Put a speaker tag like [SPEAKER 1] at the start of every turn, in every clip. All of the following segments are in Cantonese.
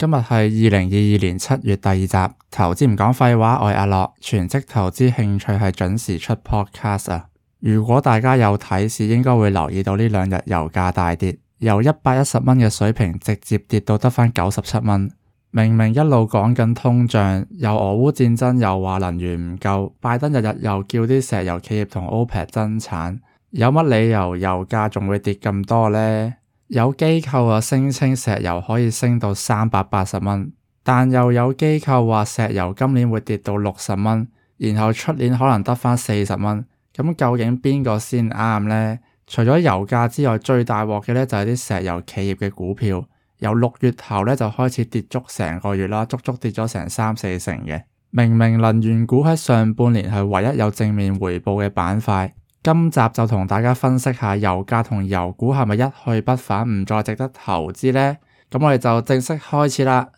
[SPEAKER 1] 今日係二零二二年七月第二集，投資唔講廢話，我阿樂，全職投資，興趣係準時出 podcast 啊，如果大家有睇是，應該會留意到呢兩日油價大跌，由一百一十蚊嘅水平直接跌到得返九十七蚊。明明一路講緊通脹，又俄烏戰爭，又話能源唔夠，拜登日日又叫啲石油企業同 OPEC 增產，有乜理由油價仲會跌咁多呢？有機構啊聲稱石油可以升到三百八十蚊，但又有機構話石油今年會跌到六十蚊，然後出年可能得返四十蚊。咁究竟邊個先啱呢？除咗油價之外，最大鑊嘅咧就係啲石油企業嘅股票，由六月頭咧就開始跌足成個月啦，足足跌咗成三四成嘅。明明能源股喺上半年係唯一有正面回報嘅板塊。今集就同大家分析下油價同油股係咪一去不返，唔再值得投資呢？咁我哋就正式開始啦。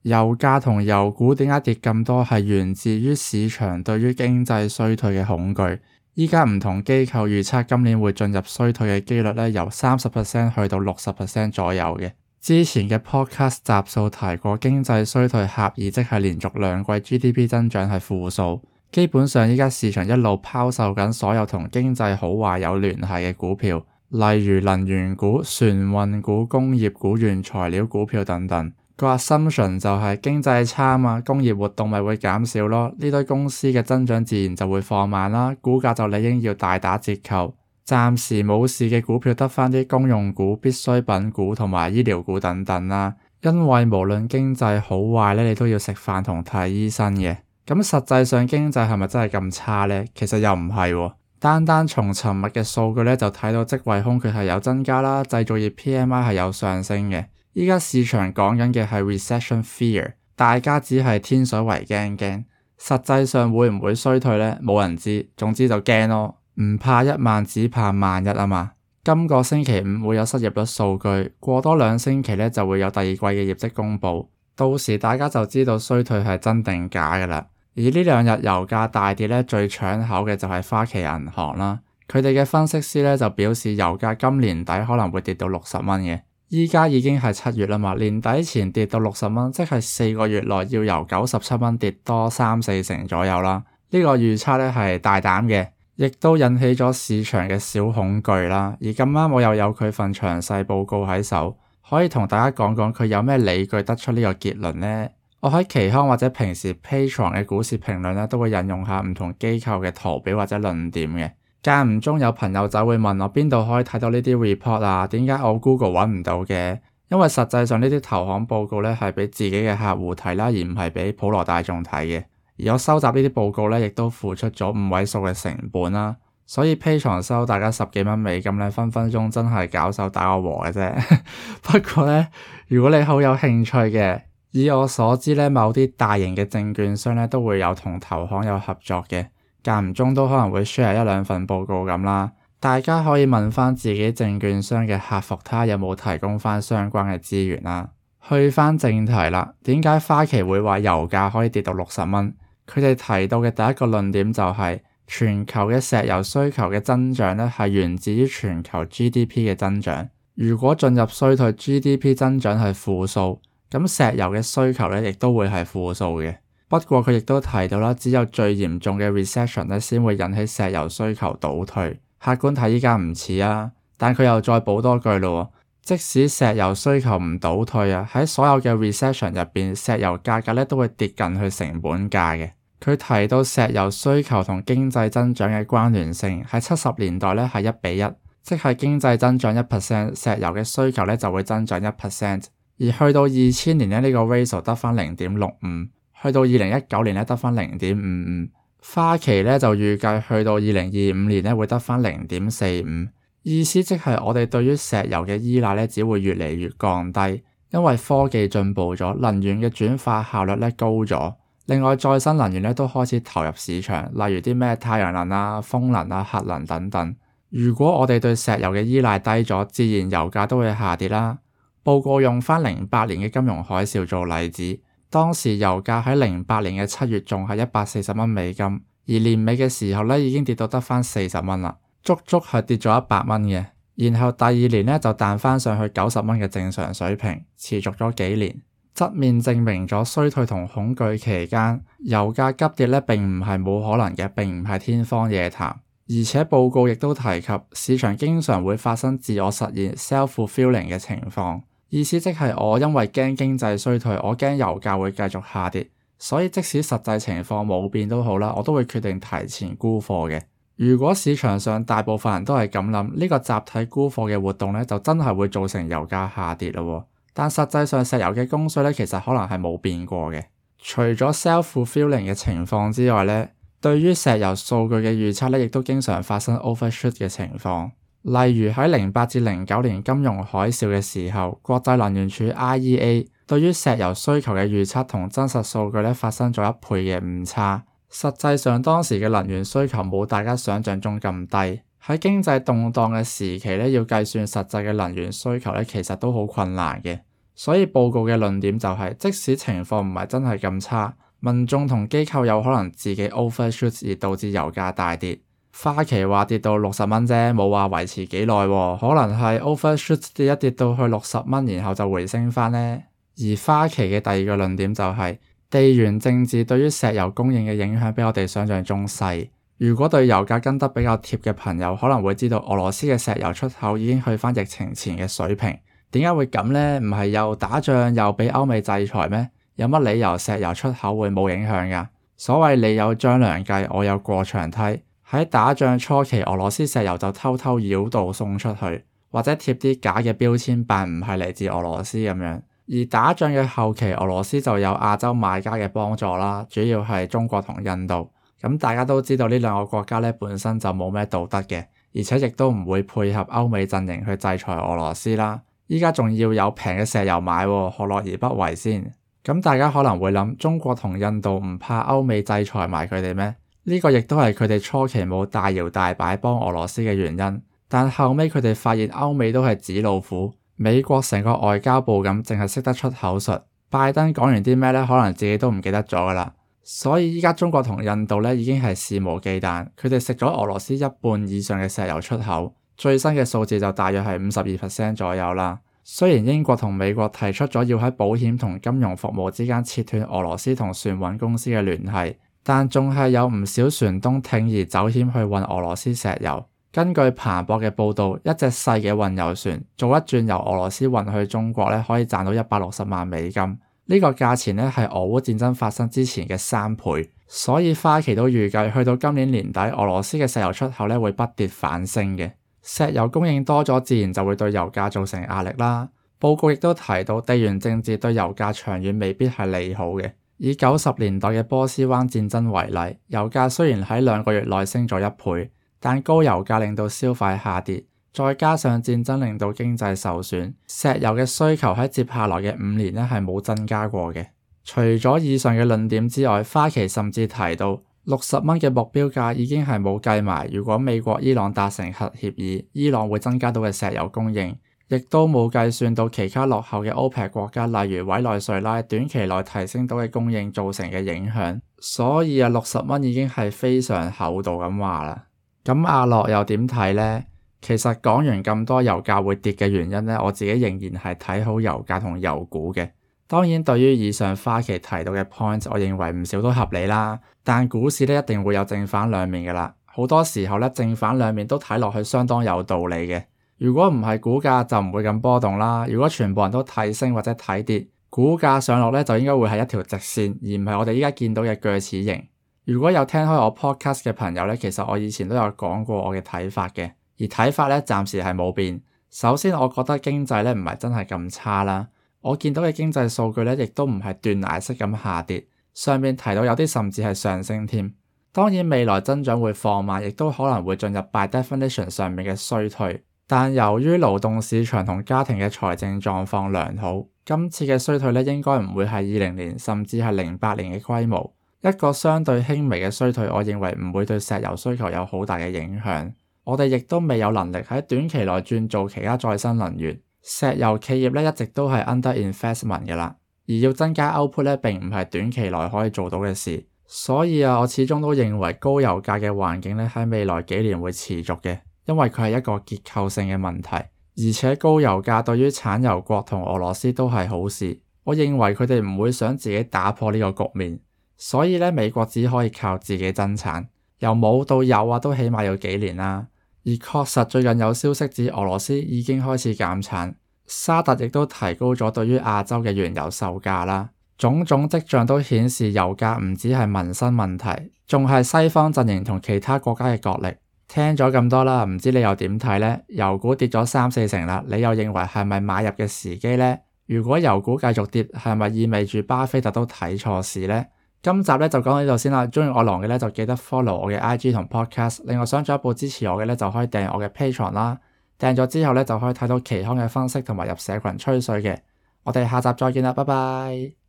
[SPEAKER 1] 油價同油股點解跌咁多？係源自於市場對於經濟衰退嘅恐懼。而家唔同機構預測今年會進入衰退嘅機率咧，由三十 percent 去到六十 percent 左右嘅。之前嘅 podcast 集數提過經濟衰退狹義，即係連續兩季 GDP 增長係負數。基本上而家市場一路拋售緊所有同經濟好壞有聯繫嘅股票，例如能源股、船運股、工業股、原材料股票等等。個 assumption 就係經濟差嘛，工業活動咪會減少咯，呢堆公司嘅增長自然就會放慢啦，股價就理應要大打折扣。暫時冇事嘅股票得返啲公用股、必需品股同埋醫療股等等啦，因為無論經濟好壞咧，你都要食飯同睇醫生嘅。咁實際上經濟係咪真係咁差咧？其實又唔係喎，單單從尋日嘅數據咧就睇到職位空缺係有增加啦，製造業 PMI 係有上升嘅。而家市場講緊嘅係 recession fear，大家只係天水圍驚驚，實際上會唔會衰退呢？冇人知，總之就驚咯，唔怕一萬，只怕萬一啊嘛。今個星期五會有失業率數據，過多兩星期咧就會有第二季嘅業績公佈，到時大家就知道衰退係真定假嘅啦。而呢兩日油價大跌咧，最搶口嘅就係花旗銀行啦，佢哋嘅分析師咧就表示，油價今年底可能會跌到六十蚊嘅。而家已經係七月啦嘛，年底前跌到六十蚊，即係四個月內要由九十七蚊跌多三四成左右啦。呢個預測咧係大膽嘅，亦都引起咗市場嘅小恐懼啦。而今晚我又有佢份詳細報告喺手，可以同大家講講佢有咩理據得出呢個結論呢？我喺期刊或者平時 Patreon 嘅股市評論咧，都會引用下唔同機構嘅圖表或者論點嘅。間唔中有朋友仔會問我邊度可以睇到呢啲 report 啊？點解我 Google 搵唔到嘅？因為實際上，呢啲投行報告咧係畀自己嘅客戶睇啦，而唔係畀普羅大眾睇嘅。而我收集呢啲報告咧，亦都付出咗五位數嘅成本啦。所以 Patreon 收大家十幾蚊美金咧，分分鐘真係搞手打個和嘅啫。 不過咧，如果你好有興趣嘅，以我所知咧，某啲大型嘅證券商咧都會有同投行有合作嘅。間唔中都可能會 share 一兩份報告咁啦，大家可以問翻自己證券商嘅客服，睇下有冇提供翻相關嘅資源啦。去翻正題啦，點解花旗會話油價可以跌到六十蚊？佢哋提到嘅第一個論點就係全球嘅石油需求嘅增長咧，係源自於全球 GDP 嘅增長。如果進入衰退，GDP 增長係負數，咁石油嘅需求咧亦都會係負數嘅。不過佢亦都提到啦，只有最嚴重嘅 recession 咧，先會引起石油需求倒退。客觀睇依家唔似啊，但佢又再補多句啦。即使石油需求唔倒退啊，喺所有嘅 recession 入邊，石油價格都會跌近去成本價嘅。佢提到石油需求同經濟增長嘅關聯性喺七十年代咧係一比一，即係經濟增長一 percent，石油嘅需求就會增長一 percent。而去到二千年咧，呢個 ratio 得返零點六五。去到二零一九年咧，得返零點五五。花旗咧，就預計去到二零二五年咧，會得返零點四五。意思即係我哋對於石油嘅依賴咧，只會越嚟越降低，因為科技進步咗，能源嘅轉化效率咧高咗。另外，再生能源咧都開始投入市場，例如啲咩太陽能啊、風能啊、核能等等。如果我哋對石油嘅依賴低咗，自然油價都會下跌啦。報告用返零八年嘅金融海嘯做例子。當時油價喺零八年嘅七月仲係一百四十蚊美金，而年尾嘅時候咧已經跌到得翻四十蚊啦，足足係跌咗一百蚊嘅。然後第二年咧就彈翻上去九十蚊嘅正常水平，持續咗幾年，側面證明咗衰退同恐懼期間油價急跌咧並唔係冇可能嘅，並唔係天方夜譚。而且報告亦都提及市場經常會發生自我實現 self-fulfilling 嘅情況。意思即係我因為驚經濟衰退，我驚油價會繼續下跌，所以即使實際情況冇變都好啦，我都會決定提前沽貨嘅。如果市場上大部分人都係咁諗，呢個集體沽貨嘅活動咧，就真係會造成油價下跌咯。但實際上石油嘅供需咧，其實可能係冇變過嘅。除咗 self-fulfilling 嘅情況之外咧，對於石油數據嘅預測咧，亦都經常發生 overshoot 嘅情況。例如喺零八至零九年金融海嘯嘅時候，國際能源署 IEA 對於石油需求嘅預測同真實數據咧，發生咗一倍嘅誤差。實際上當時嘅能源需求冇大家想象中咁低。喺經濟動盪嘅時期咧，要計算實際嘅能源需求咧，其實都好困難嘅。所以報告嘅論點就係、是，即使情況唔係真係咁差，民眾同機構有可能自己 overshoot 而導致油價大跌。花旗話跌到六十蚊啫，冇話維持幾耐喎，可能係 overshoot 一跌到去六十蚊，然後就回升翻呢。而花旗嘅第二個論點就係、是、地緣政治對於石油供應嘅影響比我哋想象中細。如果對油價跟得比較貼嘅朋友可能會知道，俄羅斯嘅石油出口已經去翻疫情前嘅水平。點解會咁呢？唔係又打仗又畀歐美制裁咩？有乜理由石油出口會冇影響噶？所謂你有張良計，我有過牆梯。喺打仗初期，俄羅斯石油就偷偷繞道送出去，或者貼啲假嘅標籤，扮唔係嚟自俄羅斯咁樣。而打仗嘅後期，俄羅斯就有亞洲買家嘅幫助啦，主要係中國同印度。咁大家都知道呢兩個國家呢本身就冇咩道德嘅，而且亦都唔會配合歐美陣營去制裁俄羅斯啦。依家仲要有平嘅石油買，何樂而不為先？咁大家可能會諗，中國同印度唔怕歐美制裁埋佢哋咩？呢個亦都係佢哋初期冇大搖大擺幫俄羅斯嘅原因，但後尾佢哋發現歐美都係紙老虎，美國成個外交部咁，淨係識得出口術。拜登講完啲咩呢，可能自己都唔記得咗㗎喇。所以依家中國同印度呢已經係肆無忌憚，佢哋食咗俄羅斯一半以上嘅石油出口，最新嘅數字就大約係五十二%左右啦。雖然英國同美國提出咗要喺保險同金融服務之間切斷俄羅斯同船運公司嘅聯繫。但仲係有唔少船東鋌而走險去運俄羅斯石油。根據彭博嘅報道，一隻細嘅運油船做一轉由俄羅斯運去中國咧，可以賺到一百六十萬美金。呢個價錢咧係俄烏戰爭發生之前嘅三倍。所以花旗都預計，去到今年年底，俄羅斯嘅石油出口咧會不跌反升嘅。石油供應多咗，自然就會對油價造成壓力啦。報告亦都提到，地緣政治對油價長遠未必係利好嘅。以九十年代嘅波斯灣戰爭為例，油價雖然喺兩個月內升咗一倍，但高油價令到消費下跌，再加上戰爭令到經濟受損，石油嘅需求喺接下來嘅五年呢係冇增加過嘅。除咗以上嘅論點之外，花旗甚至提到六十蚊嘅目標價已經係冇計埋，如果美國伊朗達成核協議，伊朗會增加到嘅石油供應。亦都冇計算到其他落後嘅 OPEC 國家，例如委內瑞拉，短期內提升到嘅供應造成嘅影響，所以啊，六十蚊已經係非常厚道咁話啦。咁阿樂又點睇呢？其實講完咁多油價會跌嘅原因呢，我自己仍然係睇好油價同油股嘅。當然，對於以上花旗提到嘅 point，我認為唔少都合理啦。但股市呢，一定會有正反兩面噶啦，好多時候呢，正反兩面都睇落去相當有道理嘅。如果唔係，股價就唔會咁波動啦。如果全部人都睇升或者睇跌，股價上落呢就應該會係一條直線，而唔係我哋依家見到嘅鋸齒形。如果有聽開我 podcast 嘅朋友呢，其實我以前都有講過我嘅睇法嘅，而睇法呢，暫時係冇變。首先，我覺得經濟呢，唔係真係咁差啦。我見到嘅經濟數據呢，亦都唔係斷崖式咁下跌，上面提到有啲甚至係上升添。當然未來增長會放慢，亦都可能會進入 by definition 上面嘅衰退。但由於勞動市場同家庭嘅財政狀況良好，今次嘅衰退咧應該唔會係二零年甚至係零八年嘅規模，一個相對輕微嘅衰退，我認為唔會對石油需求有好大嘅影響。我哋亦都未有能力喺短期內轉做其他再生能源。石油企業一直都係 underinvestment 嘅啦，而要增加 output 咧並唔係短期內可以做到嘅事，所以我始終都認為高油價嘅環境咧喺未來幾年會持續嘅。因為佢係一個結構性嘅問題，而且高油價對於產油國同俄羅斯都係好事。我認為佢哋唔會想自己打破呢個局面，所以呢，美國只可以靠自己增產，由冇到有啊都起碼要幾年啦。而確實最近有消息指俄羅斯已經開始減產，沙特亦都提高咗對於亞洲嘅原油售價啦。種種跡象都顯示油價唔只係民生問題，仲係西方陣營同其他國家嘅角力。聽咗咁多啦，唔知你又點睇呢？油股跌咗三四成啦，你又認為係咪買入嘅時機呢？如果油股繼續跌，係咪意味住巴菲特都睇錯市呢？今集咧就講到呢度先啦。中意我狼嘅咧就記得 follow 我嘅 IG 同 podcast。另外想進一步支持我嘅咧，就可以訂我嘅 Patreon 啦。訂咗之後咧就可以睇到期刊嘅分析同埋入社群吹水嘅。我哋下集再見啦，拜拜。